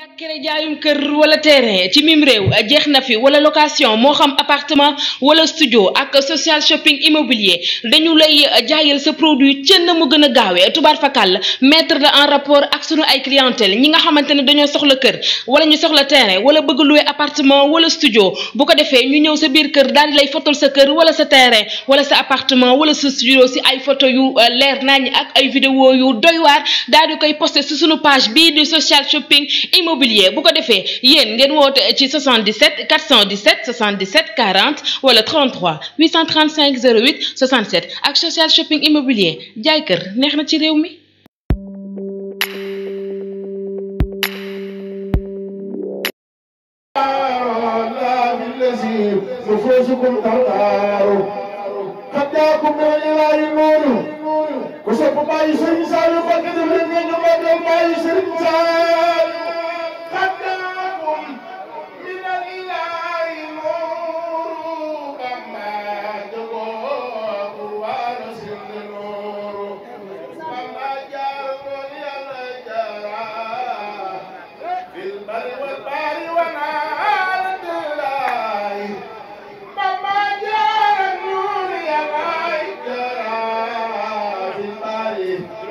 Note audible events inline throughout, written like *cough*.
jàkkere jaayum keur wala terrain ci mim réew eh, jeex fi wala location mo xam appartement wala studio ak social shopping immobilier dañu lay eh, jaayel sa produit cën na mu gëna gaawé tubar fakal mettre la en rapport ak sunu ay clientèle ñi nga xamante ne dañoo soxla keur wala ñu soxla terrain wala bëgg louer appartement wala studio bu ko défé ñu ñëw sa biir keur dal di lay fotol sa keur wala sa terrain wala sa appartement wala sa studio ci ay photo yu eh, leer nañ ak ay vidéo yu doy waar dal di koy posté ci sunu page bi social shopping immobilier bu ko defee 77 417 77 40 ou wala 33 835 08 67 Action social shopping immobilier jaay kër neex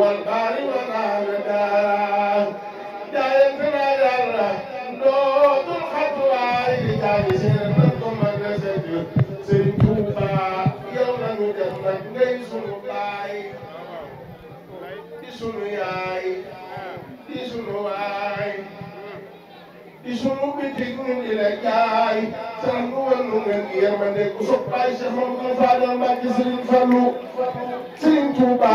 والبار والأمدار يا يكفينا يا الله لوط الخطوة يجاري سيرتكم من سجد سيرتوبا يوم نجنب نيسون باي سunu yaay di sunu waay di sunu bitig ñun di la jaay sax nu wal nu ngeen di yërmande ku sopp Baay Cheikh Mamadou Fadal Mbacke Serigne Fallou Serigne Touba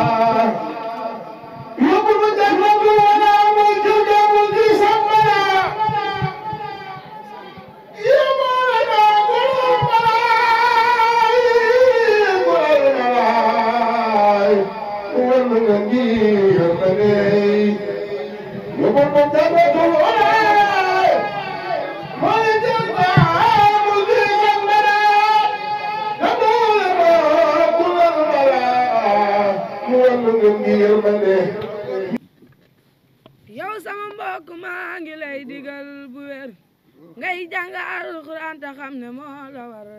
yow sama mbokk maa ngi digal bu wér ngay jàng alxuraan te ne moo war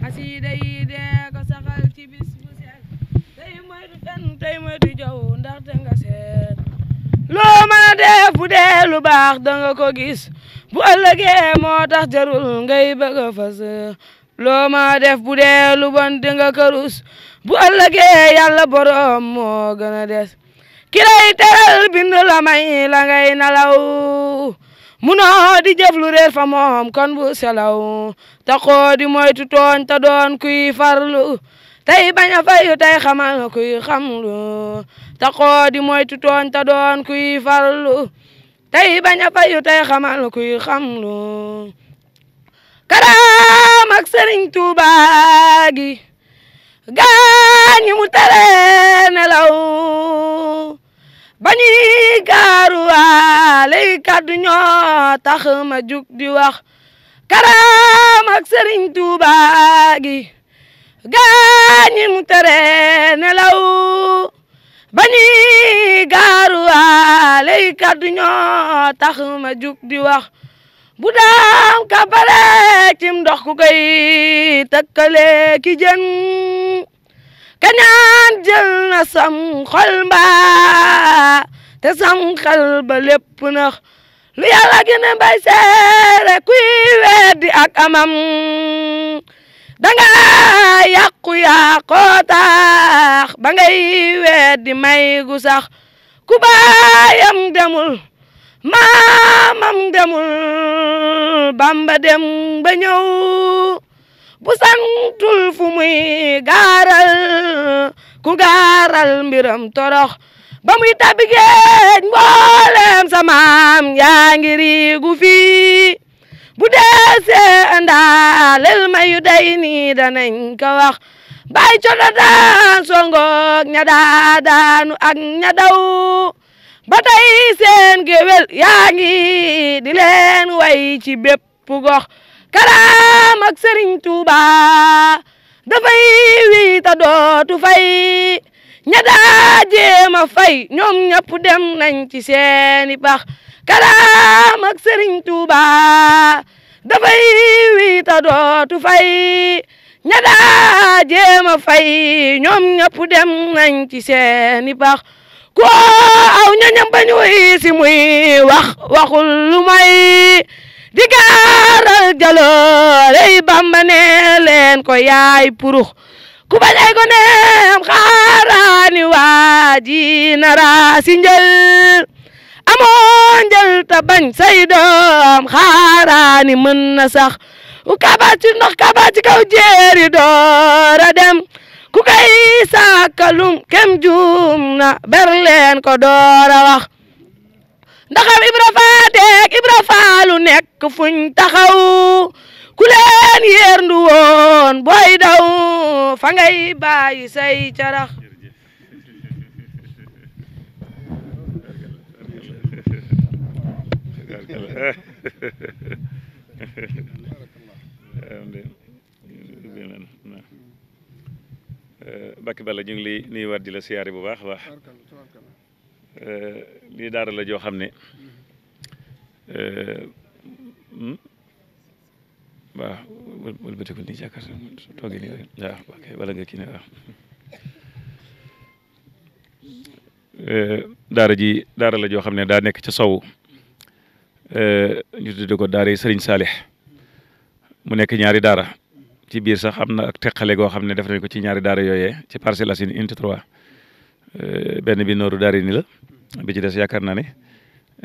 xasiida yi dee ko saxal Kan Lo mana def bu dee danga ko gis bu ëllëgee moo tax jarul ngay bëgg a fas loo def bu dee lu bon danga ko rus bu ëllëgee yàlla boroom moo gën a des ki lay teral bind la may la ngay nalaw munoo di jëf lu fa moom kon bu selaw ta xoo di moytu ta doon kuy farlu te bañ a yu tey xamal nga kuy ta xoo di moytu tooñ ta doon kuy farlu tey bañ a fayu tey xamal nga kuy xamlu karam ak Sëriñ Tuuba gi gaañi mu tere nelaw bañi gaaruwaale yi kaddu ñoo tax ma jug di wax bu daam ka bare cim ndox ku koy tëkkale ki jën kañaan na sam xol te sam xel ba lu yàlla gën a bay seere kuy weddi ak amam danga yàqu yàqoo tax ba ngay weddi may gu sax ku baayam demul maamam demul bamba dem ba ñëw bu muy gaaral ku gaaral mbiram torox ba muy tabi géej samaam yaa ngi riigu bu deesee ndaalel mayu day nii danañ ko wax bay coto daa songoog ña daa daanu ak ña daw ba tey seen géwél yaa ngi di way ci bépp gox karaam ak sëriñ Tuuba dafay wii ta dootu fay ña daa jéema fay ñoom ñëpp dem nañ ci seeni pax kalaam ak Serigne Touba dafay wiita dootu fay ña daa jéem a fay ñoom ñëpp dem nañ ci seeni ko aw ñañam bañu si muy wax waxul di gaaral jaloorey Bàmba ne ko yaay purux ku bañ ay goneem xaaraani waa ji nara si amoo njël ta bañ say doom xaaraani mën na sax ku kaba ci ndox kaba kaw jéeri doora dem ku kay saakalum kem juum na ko doora wax ndaxam ibra faateek ibra faalu nekk fuñ taxaw ku leen yéerndu woon booy daw fa ngay bàyyi say carax Bakki Balla ñu ngi lay la siyaare bu baax a baax eh, lii daara joo xam ne eh, hmm? waaw wal bëtiku nii ne eh, daara ji daara la joo xam ne daa nekk ca sowu ñu tudde ko daara yi sëriñ Saalix mu nekk ñaari daara ci biir sax am na ak teqale goo xam ne def nañ ko ci ñaari daara yooyee ci Parcelles Assainies unité 3 euh, benn bi nooru daara ni la bi ci des yaakaar naa ne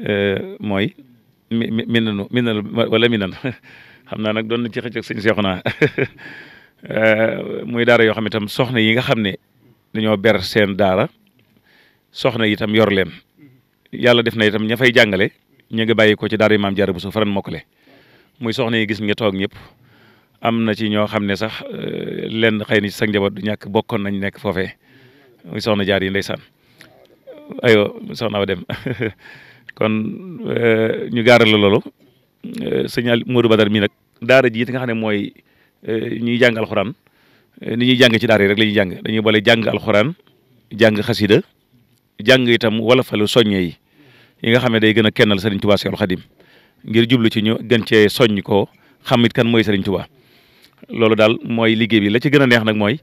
euh, mooy mi minanu minal wala minan *laughs* xam naa nag doon na ci xëcc ak na *laughs* euh, muy daara yoo xam ne itam soxna yi nga xam ne dañoo ber seen daara soxna yi itam yor leen yàlla def na itam ñafay jàngale ñu ngi bàyyi ko ci daara maam Jaara Buso faran mokkale muy soxna yi gis nga toog ñëpp am na ci ñoo xam ne sax eh, lenn xëy na ci sag njaboot du ñàkk bokkoon nañ nekk foofee muy soxna jaar yi ndeysaan ayo soxna awa dem *laughs* kon eh, ñu gaar la lolo eh, sëñ Modou Badar nag daara ji it xam ne mooy ñuy jàng alxuraan ni ñuy jàng ci daar yi rek lañuy jàng dañuy boole jàng alxuraan jàng xasida jàng itam wala fa soññe yi yi nga xam ne day gën a kennal Serigne Touba Seexul Xadim ngir jublu ci ñu gën cee soññ ko xam kan mooy Serigne Touba loolu daal mooy liggéey bi la ci gën a neex nag mooy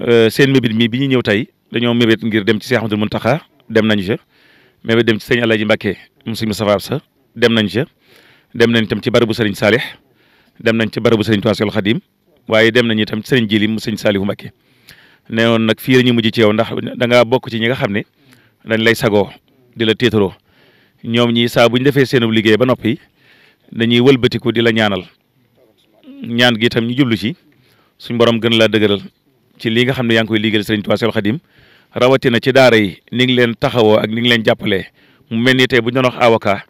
euh, seen mébét mii bi ñu ñëw tey dañoo mébét ngir dem ci Seex Ahmadul Muntaxa dem nañu ca mébét dem ci sëñ Alaaji Mbàkke mu sëñ Moustapha Absa dem nañ ca dem nañ tam ci barabu Serigne Saalix dem nañ ci barabu Serigne Touba Seexul Xadim waaye dem nañ itam ci Serigne Jili mu sëñ Saalihu Mbàkke ne woon nag fii ñu mujj ci yow ndax da bokk ci ñi nga xam ne dañ lay sagoo di la téetaroo ñoom ñi saa bu ñu defee seenub liggéey ba noppi dañuy wëlbatiku di la ñaanal ñaan gi itam ñu jublu ci suñ borom gën laa dëgëral ci li nga xam ne yaa ngi koy liggéeyal Sëriñ Tuubaa Seexul Xadiim rawatina ci daara yi ni ngi leen taxawoo ak ni ngi leen jàppalee mu bu ñu doon wax avocat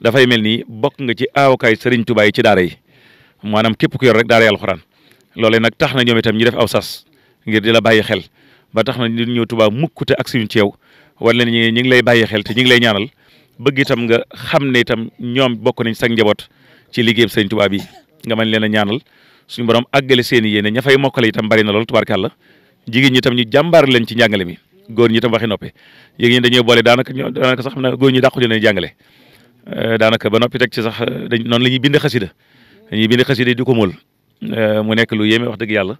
dafay mel ni bokk nga ci avocat yi Sëriñ Tuubaa ci daara yi maanaam képp ku yor rek daara yi alxuraan loolee nag tax na ñoom itam ñu def aw sas ngir di la bàyyi xel ba tax na ñu ñëw Tuubaa mukkute ak suñu ci yow wala ñu ngi lay bàyyi xel te ñu ngi lay ñaanal bëgg itam nga xam ne itam ñoom bokk nañ sag njaboot ci liggéeyam sëriñ Tuubaa bi nga mën leen a ñaanal suñu borom àggale seen i yéene mokkale itam bari na lool tubaarkàlla jigéen ñi tam ñu jàmbaar leen ci njàngale mi góor ñi itam waxi noppe yéegi ñi dañuy boole daanaka ñoo daanaka sax xam na góor ñi dàqu ñu leen jàngale euh, daanaka ba noppi teg ci sax euh, dañ noonu la ñuy bind xasida dañuy bind xasida di ko mool euh, mu nekk lu yéeme wax dëgg yàlla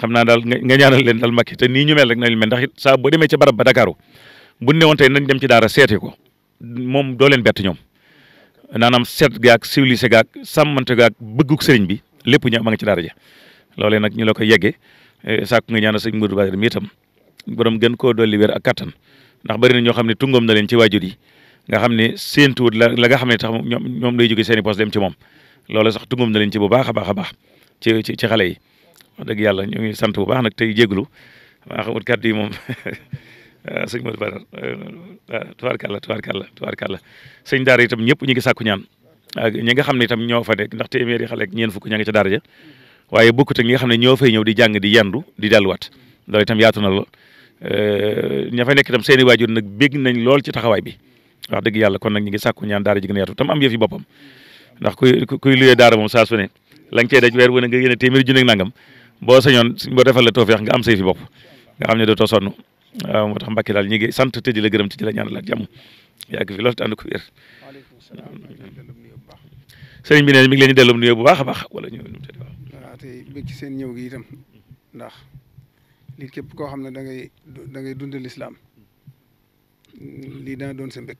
xam naa daal nga ñaanal leen daal makki te nii ñu mel rek nañ mel ndax saa boo demee ci barab ba Dakaaru bu newoon tey dem ci daara seeti ko moom doo leen bett ñoom naanaam seet gaag se gaag sàmmante gaag bëgguk sëriñ bi lépp ña ma nga ci daara ja loolee nag ñu la koy yeggee eh, sàkku nga ñaanal sëñ Modou Badiane mi itam borom gën koo dolli wér ak kattan ndax bari na ñoo xam ne tungoom na leen ci waajur yi nga xam ne séentuwut la la nga xam ne tax ñoom ñoom lay jóge seen i poste ci moom loola sax tungoom na leen ci bu baax a baax ci xale yi wax dëgg yàlla ñu ngi sant bu baax nag tey jéglu maa xamut kàddu yi *laughs* Eh, sëñ Modou Bara eh, eh, tubaarkàlla tubaarkàlla tubaarkàlla sëñ daara itam ñëpp ñu ngi sàkku ñaan ñi nga xam ne itam ñoo fa nekk ndax téeméeri xale ak ñeen fukk ña ngi ca daara ja waaye bokkut ak ñi nga xam ne ñoo fay ñëw di jàng di yendu di delluwaat loolu itam yaatu na lool ña fa nekk itam seen i waajur nag bégg nañ lool ci taxawaay bi wax dëgg yàlla kon nag ñu ngi sàkku ñaan daara ji gën a yaatu tam am yëf yi boppam ndax kuy luyee daara moom saa su ne la nga cey daj weer wu ne nga yéene nangam boo sañoon boo defal la tawfeex nga am say bopp nga xam ne waaw moo tax Mbacke daal ñu ngi sant te di la gërëm te di la ñaanal ak jàmm yàgg fi loolu te ànd ko wér sëriñ bi ne mi ngi leen di delloo nuyoo bu baax a baax wala ñu waaw tey bëgg ci seen ñëw gi itam ndax lii képp koo xam ne dangay ngay dund lislaam lii dana doon sa mbëgg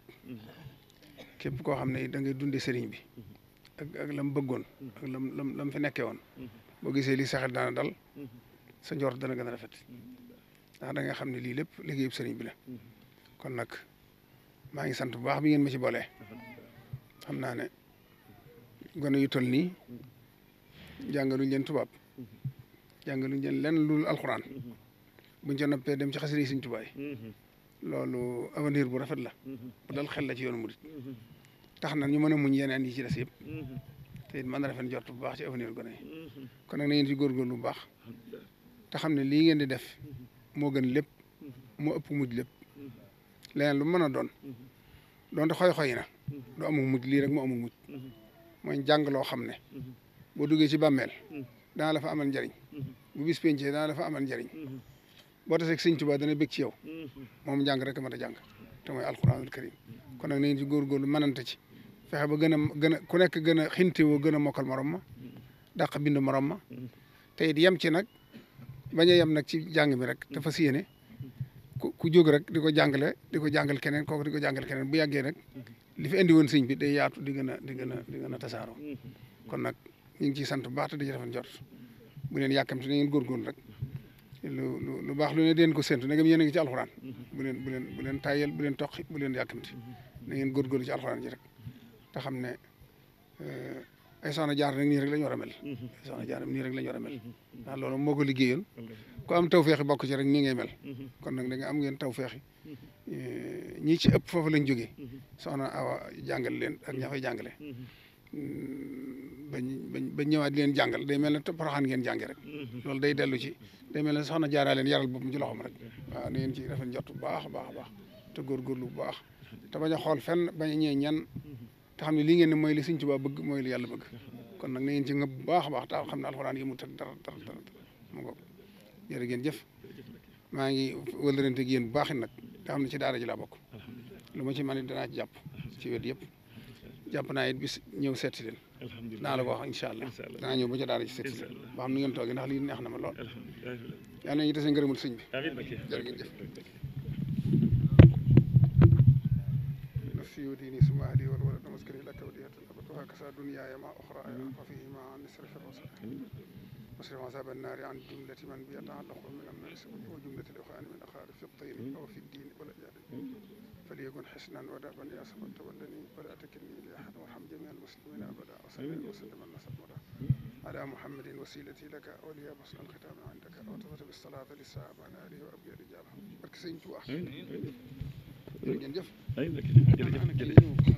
képp koo xam ne da ngay dunde sëriñ bi ak lam bëggoon ak lam lam lam fi nekkee woon boo gisee lii saxet daana dal sa njort dana gën a rafet ndax da nga xam ne lii lépp liggéeyub sëriñ bi la kon nag maa ngi sant bu baax bi ngeen ma ci boole xam naa ne gone yu toll nii jàngaluñ leen tubaab jàngaluñ leen lenn lu alxuraan buñ ca noppee dem ci xasida yi Sëriñ Tuubaa loolu avenir bu rafet la bu dal xel la ci yoonu murit tax na ñu ma ne muñ yeneen yi ci des yëpp te it mën na rafet jort bu baax ci avenir gone kon nag na ngeen ci lu bu baax te xam ne lii ngeen di def moo gën lépp moo ëpp muj lépp leneen lu mën a doon doonte xoy-xoy na du amul mujj lii rek mu amul mujj mooy jàng loo xam ne boo duggee ci bàmmeel dana la fa amal njariñ bu bis pencee dana la fa amal njariñ boo tasee sëñ Tuubaa dana bëgg ci yow moom jàng rek a mën a jàng te mooy alquranul karim kon nag nañ ci góorgóorlu mënante ci fexe ba gën a gën a ku nekk gën a woo gën a mokkal morom ma dàq bind morom ma te it yem ci nag bañ a yem nag ci jàng mi rek dafa siyéene ku ku jóg rek di ko jàngale di ko jàngal keneen kooku di ko jàngal keneen bu yàggee rek li fi indi woon sëñ bi day yaatu di gën a di gën a di gën a tasaaroo kon nag ñu ngi ciy sant bu baax te di fa jot bu leen yàkkamti na ngeen góorgóorlu rek lu lu lu baax lu ne deen ko séntu nagam yéen a ngi ci alxuraan bu leen bu leen bu leen tayel bu leen toqi bu leen yàkkamti na ngeen góorgóorlu ci alxuraan ji rek te xam ne eh, ay soxna jaar nag nii rek la ñu war a ay soxna jaar nii rek la ñu war a mel mhm. mhm. Mhm. ndax loolu moo ko liggéeyoon ku am taw feexi bokk ci rek nii ngay mel kon nag da nga am ngeen taw feexi eh, ñi ci ëpp foofu lañ jógee soxna awa jàngal leen ak ña fay jàngale mm, bañ bañ bañ jàngal day mel ne Porokhane ngeen jànge rek loolu day dellu ci day mel ne soxna jaaraa leen yaral boppam ci loxoom rek waaw na ngeen ci rafet njort bu baax a baax a baax te góorgóorlu bu baax te bañ xool fenn bañ ñee ñan te xam ne lii ngeen ne mooy li Sëñ Tuubaa bëgg mooy li yàlla bëgg kon nag na ngeen ci ngëb bu baax a baax te xam ne alxuraan yi mu tëdd dara dara dara mu ngoog jëf maa ngi wëlërante ak yéen bu baax nag te xam ne ci daara ji laa bokk lu ma ci mën it danaa jàpp ci wet yëpp jàpp naa it bis ñëw seet si leen naa la ko wax incha allah danaa ñëw ba ca daara ci seet si leen ba xam ni ngeen toogee ndax lii neex na ma lool yal nañu desee ngërëmul sëñ bi jërë jëf وهكذا دنياي مع أخراي يعني ففيهما عن إسرف الرسل واصرف عذاب النار عن جملة من بيتعلق من الناس وجملة الإخوان من أخار في الطين أو في الدين ولا والأجال فليكن حسنا ودابا يا سمن تولني ولا تكلني لأحد وارحم جميع المسلمين أبدا وصلى وسلم النصر على محمد وسيلتي لك ولي بصل الختام عندك وتطلب بالصلاة للصحابة عن آله وأبي رجالهم برك سين تو أحسن جنجف أي لك جنجف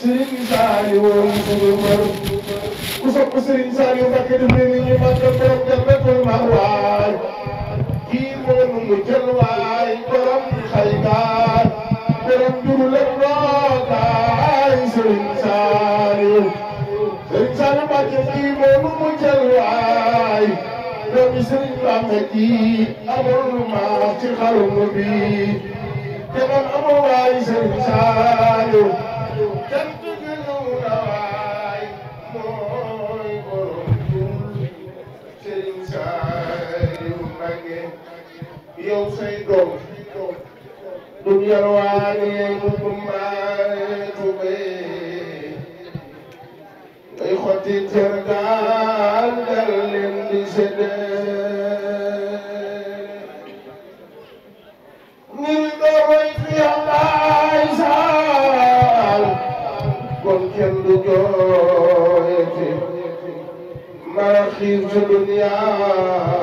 sëriñ Saaliw woon suñu mbër ku sopp sëriñ Saaliw Mbàkke def leen ñu màggal borom jannatul ma'waay kii moonu mu jël waay borom xaykaar borom juru la rookaay sëriñ Saaliw sëriñ Saaliw Mbàkke kii moonu mu jël waay doomi ma ci xarnu bi te man amoo waay Serigne Saliou cant gi ñëw na waay mooy borom jur Serigne Saliou Mbacké yow say doom dum yarwaane mu dum maare tube ngay xotti ter daal dal leen di sedde الدنيا